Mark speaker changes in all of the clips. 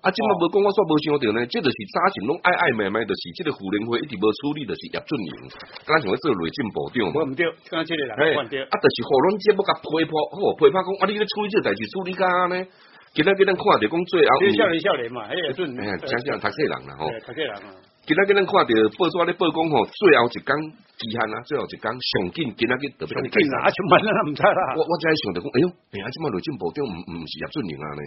Speaker 1: 啊！即擺無講，我煞無想着呢。即就是早前攏愛曖昧曖昧，就是即個婦聯會一直無處理，就是葉俊榮。敢才想要做內政部長，我毋着聽下這
Speaker 2: 個人。啦，唔掉。啊，就
Speaker 1: 是婦聯接要甲批破好批破講，啊，你個處理就代志處理安尼。今仔跟咱看着就講最後、嗯。少年，少年嘛，哎、那、呀、個欸，俊榮、啊，相信人讀冊人啦，吼，讀冊人。今仔跟咱看着報紙咧報講，吼，最後一工期限啊，最後一工上緊，今仔佢特別緊啊，全部啦，唔出啦。我我再想着講、哎，哎喲，啊、嗯！今日內政部長毋毋是葉俊榮啊，你。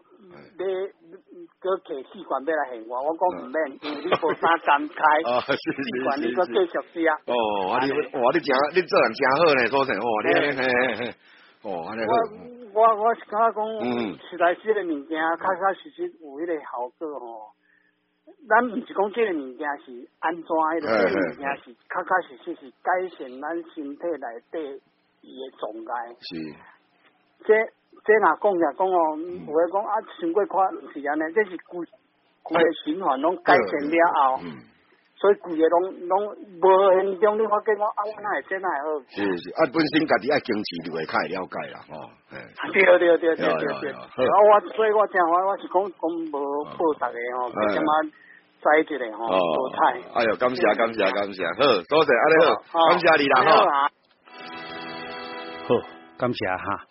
Speaker 3: 要要吸管要我嗯、你個奇思怪比來行我，我講毋免，你做啥感慨？奇
Speaker 4: 思怪你個繼續是啊！哦，我你正你做人正好嘞，說實哦。我我
Speaker 3: 我實在講，嗯，是、嗯、來這個物件，確確實實有那個效果哦。咱唔是講這個物件是安怎，那個這個物件是確確實實是改善咱身體內底嘢狀態。
Speaker 4: 是，
Speaker 3: 即、這個。即那講就講哦，我講啊，上過寬時間咧，即是固固嘅循環攏改善了哦，嗯，所以固嘢攏攏無現象，你話給我啊，我那會即那會好。
Speaker 4: 是是，啊，本身家己愛堅持就會較了解啦，哦。對對對對
Speaker 3: 對對。後，啊、我所以我講我我是講講無報答嘅哦，佮什麼在即咧哦，好太。哎呦，感謝感
Speaker 4: 謝，嗯、感謝，好，多謝，啊你好，好，感謝你啦哈。好，
Speaker 2: 感謝哈。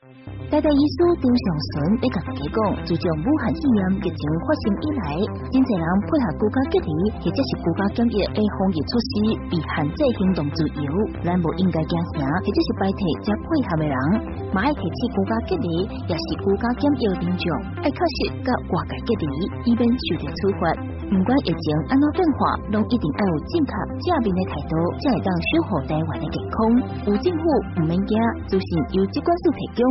Speaker 5: 第第意思，張上淳，要甲自己講，自從武漢肺炎疫情發生以來，真濟人配合國家隔離，或者是國家檢疫嘅防疫措施，被限制行動自由，咱冇應該驚啥，或者是拜託只配合嘅人，馬買提起國家隔離，也是國家檢疫嘅對象，要確實及外界隔離，以免受到處罰。唔管疫情安怎變化，都一定要有正確正面嘅態度，才會當守護台灣嘅健康。有政府唔免驚，做事要機關士提供。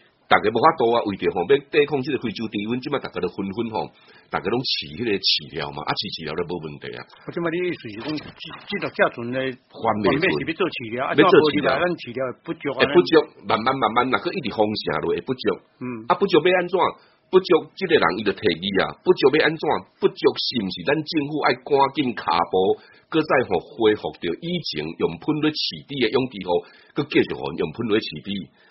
Speaker 1: 大家無法度啊，為着方便低控即個非洲豬瘟，即日逐個都紛紛，吼逐個攏飼迄個飼料嘛，啊飼飼料都無問題在你啊。在
Speaker 2: 我今日啲隨時都即到叫船咧，準備準備做飼料，一做飼料，咱飼料不足啊，不足，
Speaker 1: 慢慢慢慢，若擱一直封城落，會不足。嗯，啊，不足要安怎？不足，即個人伊着退機啊，不足要安怎？不足，是毋是？咱政府愛趕緊骹步，再吼恢復着以前用噴水飼豬誒勇氣個，擱繼續用噴水飼豬。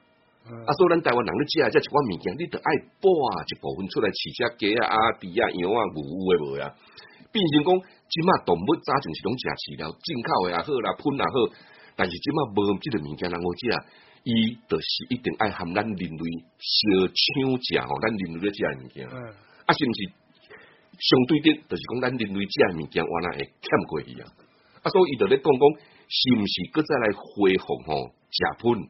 Speaker 1: 嗯、啊，所以，咱台灣人咧食啊，即一寡物件，你着愛補啊，一部分出來飼隻雞啊、鴨啊、豬啊、羊啊、牛誒，無啊。變成講，即馬動物早揸是攏食飼料進口誒，也好啦，噴也好，但是即馬無即個物件，人我食伊着是一定愛含咱人類相搶食，嗬、喔，咱人類咧食誒物件。嗯、啊，是毋是相對啲，就是講咱人類食誒物件，我哋會欠過去啊。啊，所以，伊我哋講講，是毋是擱再來恢復吼食噴？喔。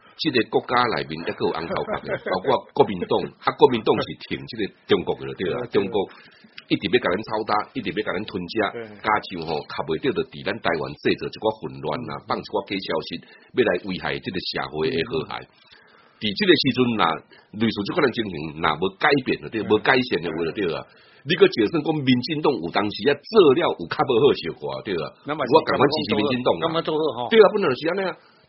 Speaker 1: 即、這個國家內面蜜蜜，抑擱有紅頭殼嘅，包括國民黨，哈、啊，國民黨是挺即、這個中國嘅對,對,、啊、對啊，中國一直要甲咱操打，一直要甲咱吞食，加上吼較唔到就佇咱台灣製造一寡混亂啊，放出一寡假消息，要來危害即個社會嘅和諧。佇即、啊、個時陣若類似即款的情形若無改變啊，對，無、啊、改善嘅話，對啊，你可就算講民進黨有當時一做了有較無好少啊，對啊，嗯、我感覺只是民進黨啊，嗯嗯嗯、對啊，不能時咁樣。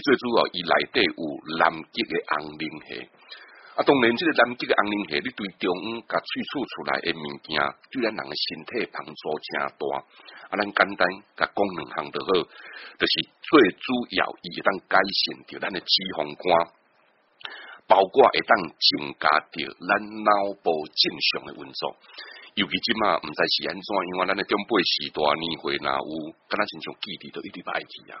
Speaker 1: 最主要，伊內底有南極嘅紅磷蝦，啊，當然，即個南極嘅紅磷蝦，你對中央甲取出出來嘅物件，對咱人嘅身體幫助誠大，啊，咱簡單甲講兩項著好，著、就是最主要，伊會當改善着咱嘅脂肪肝，包括會當增加着咱腦部正常嘅運作，尤其即擺，毋知是安怎樣，樣啊，咱嘅中輩時代年會若有，敢若親像記地都一直擺起啊。